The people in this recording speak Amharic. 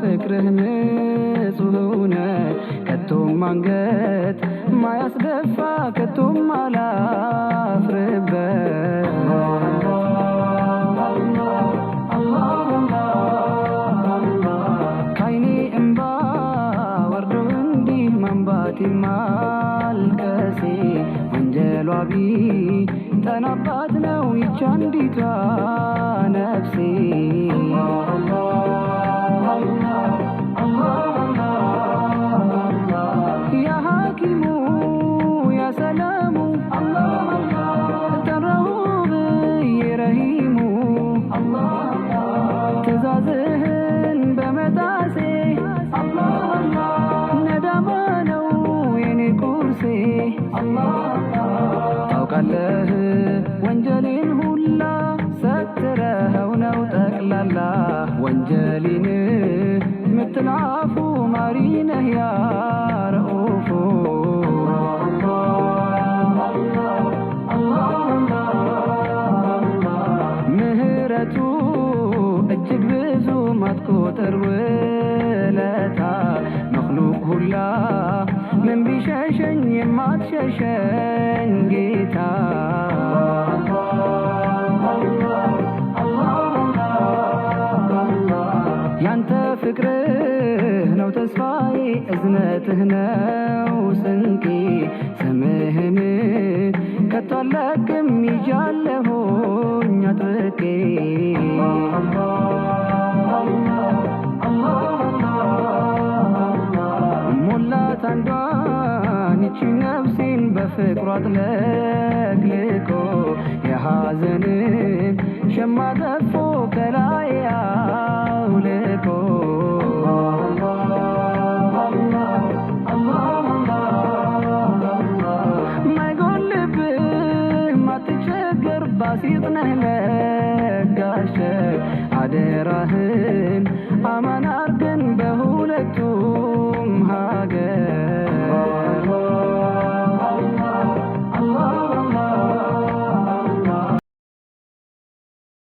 ፍቅርህ ንጹህ ነው ከቶም አንገት ማያስደፋ ከቶም አላፍርበት ካይኔ እምባ ወርዶ እንዲህ መንባት ማልቀሴ ወንጀሏ ቢጠናባት ነው ይቻ እንዲቷ ነፍሴ ታውቃለህ ወንጀሌን ሁላ ሰትረኸው ነው ጠቅላላ ወንጀሌን ብትላፉ ማሪ ነህ ምህረቱ እጅግ ብዙ ማትቆጠር ውለታ መክሉቅ ሁላ ምን ቢሸሸኝ የማትሸሸኝ ጌታ ያንተ ተስፋዬ እዝነትህ ነው ስንቄ ስምህን ከቶ አላቅም ይዣለሁኝ አጥብቄ ሞላት አንዷን ይቺ ነፍሴን በፍቅሯ አጥለቅልቆ የሐዘንን ሸማ பாசிரியத்துன்னு